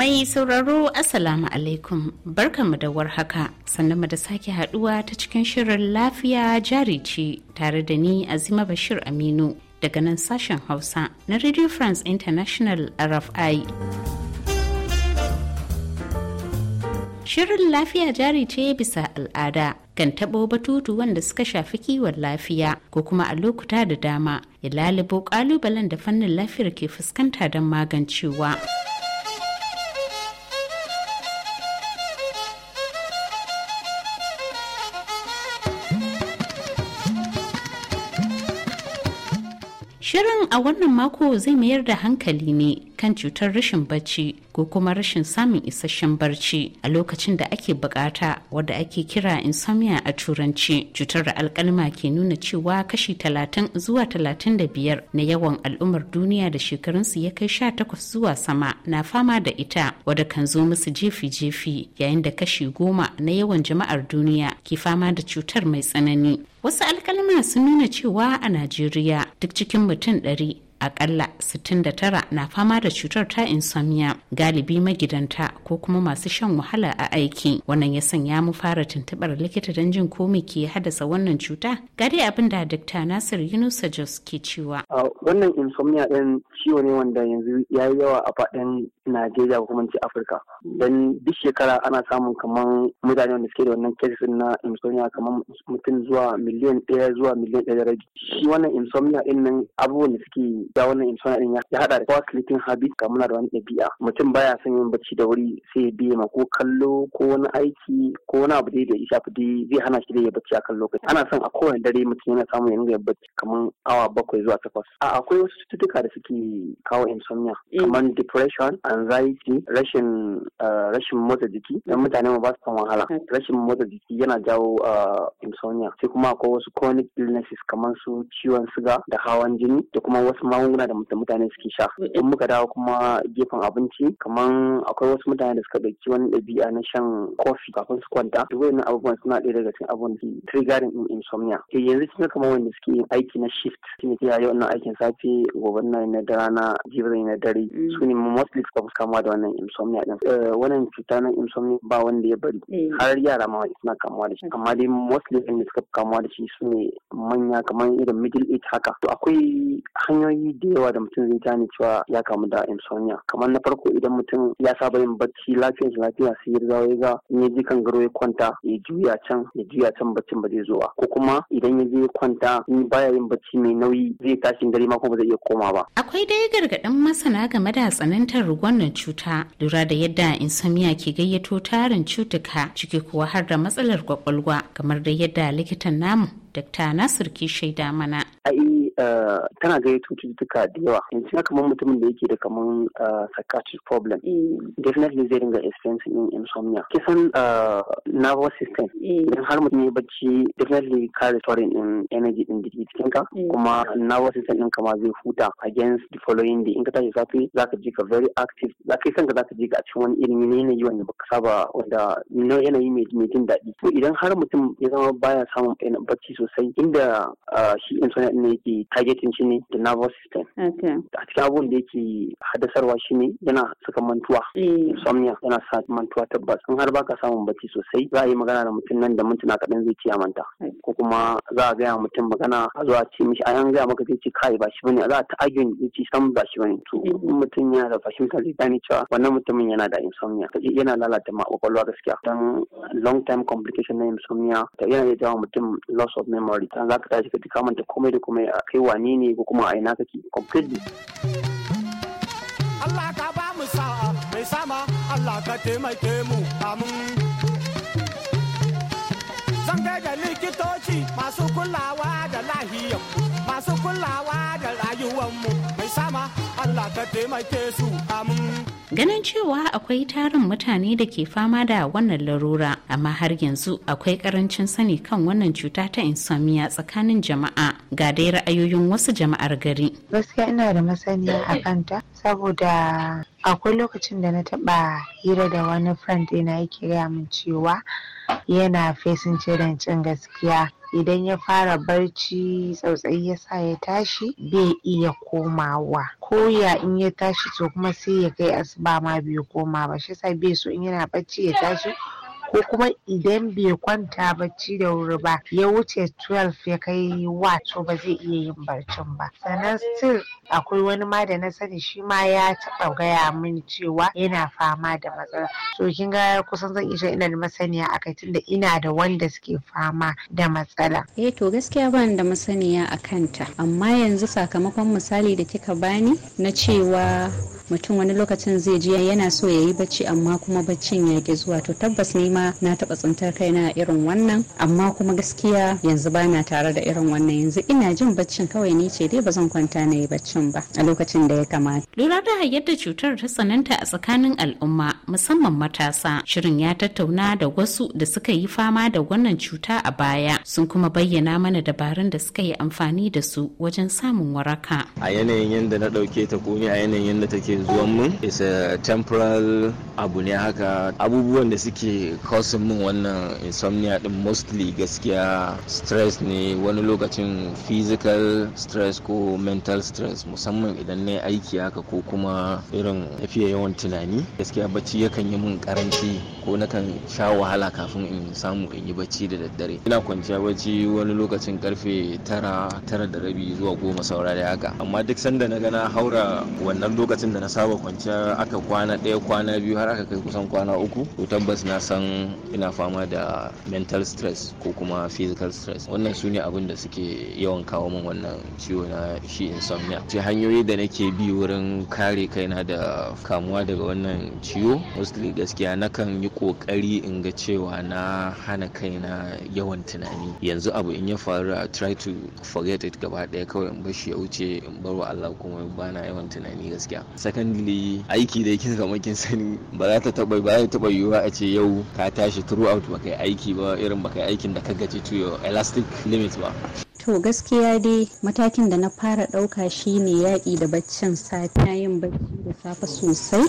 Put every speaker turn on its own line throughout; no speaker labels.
Mai sauraro Assalamu alaikum barkanmu da warhaka sannan mu da sake haduwa ta cikin shirin lafiya jari ce tare da ni Azima Bashir Aminu daga nan sashen Hausa na Radio France International RFI. Shirin lafiya jari ce bisa al'ada kan taɓo batutu wanda suka shafi kiwon lafiya ko kuma a lokuta da dama ya lalibo ƙalubalen da fannin lafiyar ke fuskanta don magancewa. Shirin a wannan mako zai mayar da hankali ne kan cutar rashin barci ko kuma rashin samun isasshen barci a lokacin da ake bukata wadda ake kira insomnia a turanci. Cutar da alkalma ke nuna cewa kashi 30 zuwa 35 na yawan al'ummar duniya da shekarunsu ya kai 18 zuwa sama na fama da ita wadda kan zo musu jefi-jefi yayin da kashi 10 na yawan jama'ar duniya ke fama da cutar mai tsanani. wasu alkalma sun nuna cewa a najeriya duk cikin mutum ɗari akalla 69 na fama da cutar ta insomnia galibi magidanta ko kuma masu shan wahala a aiki wannan ya sanya mu fara tuntubar likita don jin ko ke haddasa wannan cuta ga dai abin da dakta Nasir Yunusa Jos ke cewa
wannan insomnia din ciwo ne wanda yanzu ya yi yawa a faɗin Najeriya ko kuma Afirka dan duk shekara ana samun kamar mutane wanda suke da wannan cases na insomnia kamar mutum zuwa miliyan ɗaya zuwa miliyan ɗaya da rabi shi wannan insomnia din nan abubuwan da suke da wannan insomnia din ya hada da kowa sleeping habit ga muna da wani ɗabi'a mutum baya son yin bacci da wuri sai ya biye ma ko kallo ko wani aiki ko wani abu da ya shafi dai zai hana shi da ya bacci a kan lokaci ana son a kowane dare mutum yana samu yanga ya bacci kamar awa bakwai zuwa takwas a akwai wasu cututtuka da suke kawo insomnia eh. kamar depression anxiety rashin rashin motsa jiki dan mutane ma ba su san wahala eh. rashin motsa jiki yana jawo insomnia sai kuma akwai wasu chronic illnesses kamar su ciwon suga da hawan jini da kuma wasu ma. magunguna da mutane suke sha in muka dawo kuma gefen abinci kamar akwai wasu mutane da suka ɗauki wani ɗabi'a na shan kofi kafin su kwanta duk wayannan abubuwan suna ɗaya daga cikin abun da triggering in insomnia ke yanzu kin kamar wanda suke yin aiki na shift shine ke yayi wannan aikin safe gobe na na da rana jibi na dare mm. su ne mostly suka fuska kamuwa da wannan insomnia din eh, wannan cuta na insomnia ba wanda ya bari mm. har yara ma suna kamuwa da shi mm. amma dai mostly wanda suka fi kamuwa da shi su ne manya kamar irin middle age haka to akwai hanyoyi da yawa da mutum zai gane cewa ya kamu da insomnia kamar na farko idan mutum ya saba yin bacci lafiyar lafiya sai ya zawo ya ga in ya ji garo ya kwanta ya juya can ya juya can baccin ba zai zo ba ko kuma idan ya je ya kwanta in baya yin bacci mai nauyi zai tashi dare ma kuma ba zai iya koma ba
akwai dai gargaɗin masana game da tsanantar wannan cuta lura da yadda insomnia ke gayyato tarin cutuka ciki kuwa har da matsalar kwakwalwa kamar da yadda likitan namu Dakta Nasir ke shaida mana.
Ai eh, tana gayyato cututtuka da yawa. in na kamar mutumin da yake da kamar eh, psychiatric problem. Mm. Definitely zai dinga in insomnia. Kisan eh, nervous system. Mm. Idan har mutum ya bacci definitely ka restoring in energy din jiki ka mm. Kuma nervous system din kama zai huta against the following day. In ka tashi safe za ka ji ka very active. Za ka yi za ka ji ka a cikin wani irin yanayi wanda baka saba wanda yanayi mai jin daɗi. to Idan har mutum ya zama baya samun bacci sosai inda ah, shi internet ne yake targeting shi ne da nervous system. A cikin abun da yake haddasarwa shi ne yana saka mantuwa. Eh. Insomnia yana sa mantuwa tabbas. In har baka samun bacci sosai za a yi magana da mutum nan da mintuna kaɗan zai ci a manta. Ko kuma za a gaya mutum magana a zuwa ce mishi a yan gaya maka zai ce kai ba shi bane za a ta agin da ci san ba shi bane. To eh. mutum yana da fahimtar zai gane cewa wannan mutumin yana da insomnia. Yana lalata ma kwakwalwa gaskiya. Dan long time complication na insomnia yana iya jawo mutum loss of memory ta za ka tashi ka ji kamanta komai da komai a kai wane ne ko kuma a ina kake completely Allah ka ba mu sa'a mai sama Allah ka taimake mu amin zan ga da likitoci masu kulawa da lahiyar masu kulawa da rayuwar mu mai sama Allah ka taimake su amin.
Ganin cewa akwai tarin mutane da ke fama da wannan larura, amma har yanzu akwai karancin sani kan wannan cuta ta insomnia tsakanin jama'a ga dai ra'ayoyin wasu jama'ar gari.
Gaskiya ina da masaniya a kanta saboda akwai lokacin da na taɓa hira da wani friend ɗina yake gaya min cewa yana fesin challenge gaskiya idan ya fara barci tsautsayi ya sa ya tashi bai iya komawa ko ya in ya tashi to kuma sai ya kai asuba ma bai koma ba shi bai so in yana barci ya tashi ko kuma idan bai kwanta bacci da wuri ba ya wuce 12 ya kai wato ba zai iya yin barcin ba sannan still akwai wani ma da na sani shi ma ya taɓa gaya min cewa yana fama da matsala so kin ga kusan zan isa ina da masaniya akai tunda ina da wanda suke fama da matsala eh to gaskiya ban da masaniya a kanta amma yanzu sakamakon misali da kika bani na cewa mutum wani lokacin zai ji yana so ya yi bacci amma kuma baccin ya ki zuwa to tabbas ne ma na taɓa tsintar kaina a irin wannan amma kuma gaskiya yanzu ba na tare da irin wannan yanzu ina jin baccin kawai ni ce dai ba zan kwanta na yi baccin ba a lokacin da ya kamata.
Lura ta da yadda cutar ta tsananta a tsakanin al'umma musamman matasa shirin ya tattauna da wasu da suka yi fama da wannan cuta a baya sun kuma bayyana mana dabarun da suka yi amfani da su wajen samun waraka.
A yanayin yadda na ɗauke ta kuni a yanayin yadda take zuwan mun is a temporal abu ne haka abubuwan da suke causing mun wannan insomnia din mostly gaskiya stress ne wani lokacin physical stress ko mental stress musamman idan na aiki haka ko kuma irin tafiya yawan tunani gaskiya bacci yakan yi mun karanci ko kan sha wahala kafin in samu in yi bacci da daddare ina kwanciya bacci wani lokacin karfe tara tara da rabi zuwa goma saura da haka amma duk sanda na gana haura wannan lokacin da na saba kwanciya aka kwana ɗaya kwana biyu har aka kai kusan kwana uku to tabbas na san ina fama da mental stress ko kuma physical stress wannan su ne abin da suke yawan kawo min wannan ciwo na shi insomnia ce hanyoyi da nake bi wurin kare kaina da kamuwa daga wannan ciwo mostly gaskiya nakan yi ƙoƙari in ga cewa na hana kaina yawan tunani yanzu abu in ya faru a try to forget it gaba ɗaya kawai in shi ya wuce in bar wa Allah kuma bana yawan tunani gaskiya secondly aiki da yake zama kin sani ba za ta taba ba za ta taba yiwuwa a ce yau ka tashi throughout baka yi aiki ba irin baka yi aikin da ka gaji to your elastic limit ba
To gaskiya dai matakin da na fara ɗauka shine yaƙi da baccin safe. Na yin bacci da safe sosai,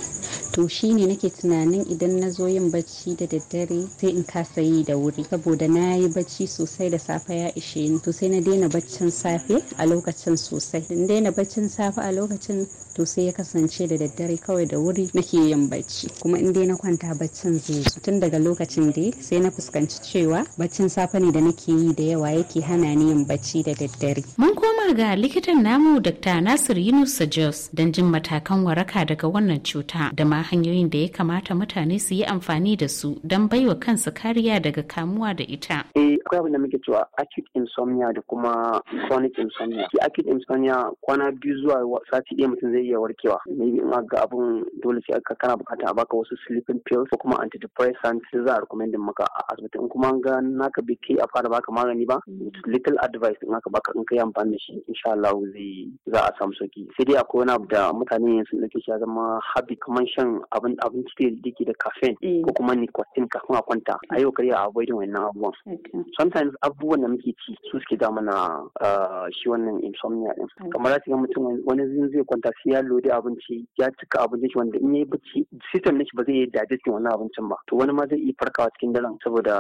to shine nake tunanin idan na zo yin bacci da daddare sai in kasa yi da wuri. Saboda na yi bacci sosai da safe ya ishe ni, to sai na daina baccin safe a lokacin sosai. Na daina baccin safe a lokacin to sai ya kasance da daddare kawai da wuri nake yin bacci kuma in dai na kwanta baccin zai zo tun daga lokacin dai sai na fuskanci cewa baccin safe ne da nake yi da yawa yake hana ni yin bacci da daddare
mun koma ga likitan namu Dr. Nasir Yunus Jos don jin matakan waraka daga wannan cuta da ma hanyoyin da ya kamata mutane su yi amfani da su don baiwa kansu kariya daga kamuwa da ita.
Eh, akwai abin da muke cewa acute insomnia da kuma chronic insomnia. Ki acute insomnia kwana biyu zuwa sati ɗaya mutum zai iya warkewa. Me in ga abun dole sai ka kana bukata a baka wasu sleeping pills ko kuma antidepressants sai za a recommend maka a asibiti. In kuma ga naka bi kai a fara baka magani ba, little advice in aka baka in kai amfani da shi insha Allah zai za a samu sauki sai dai akwai wani abu da mutane sun dauke shi zama habi kamar shan abin abinci da yake da caffeine eh. ko kuma nicotine kafin a kwanta a yau kare a avoiding wannan abubuwan sometimes abubuwan da muke ci su suke da mana shi wannan insomnia din kamar zaka ga mutum wani zin zai kwanta sai ya lodi abinci ya cika abinci shi wanda in yayi bacci system ne shi ba zai yi digesting wannan abincin ba to wani ma zai iya farkawa cikin daren saboda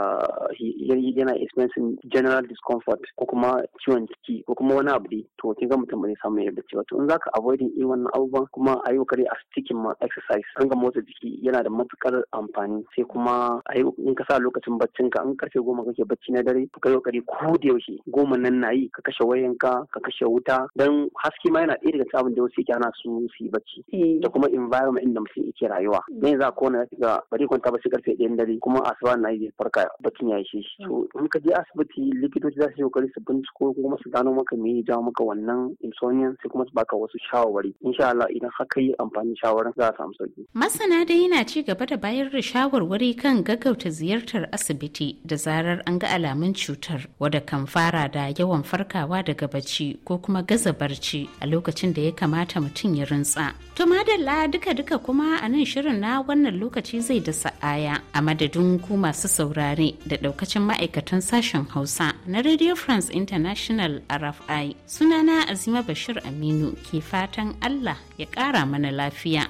yana experiencing general discomfort ko kuma ciwon ciki ko kuma wani abu hakuri to kin ga mutum ba zai samu ya bacci ba to in zaka avoiding irin wannan abubuwan kuma a yi kokari a cikin ma exercise ga motsa jiki yana da matukar amfani sai kuma a in ka sa lokacin baccin ka in karfe goma kake bacci na dare ka yi kokari ko da yaushe goma nan na yi ka kashe wayanka ka kashe wuta dan haske ma yana ɗaya daga cikin da wasu yake ana su su yi bacci eh. da kuma environment inda mutum yake rayuwa ne za ko na ga bari kwanta ba shi karfe ɗayan dare kuma asuba na yi farka baccin ya yi shi to in ka je asibiti likitoci za su yi kokari su binciko kuma su gano maka me ya kawo maka wannan insomnia sai kuma su baka wasu shawarwari insha Allah idan haka yi amfani shawaran za a samu sauki
masana dai yana ci gaba da bayar da shawarwari kan gaggauta ziyartar asibiti da zarar an ga alamun cutar wadda kan fara da yawan farkawa daga bacci ko kuma gaza barci a lokacin da ya kamata mutum ya rintsa to madalla duka-duka kuma a nan shirin na wannan lokaci zai da sa'aya a madadin ku masu saurare da daukacin ma'aikatan sashen hausa na radio france international rfi Sunana Azima Bashir Aminu ke fatan Allah ya kara mana lafiya.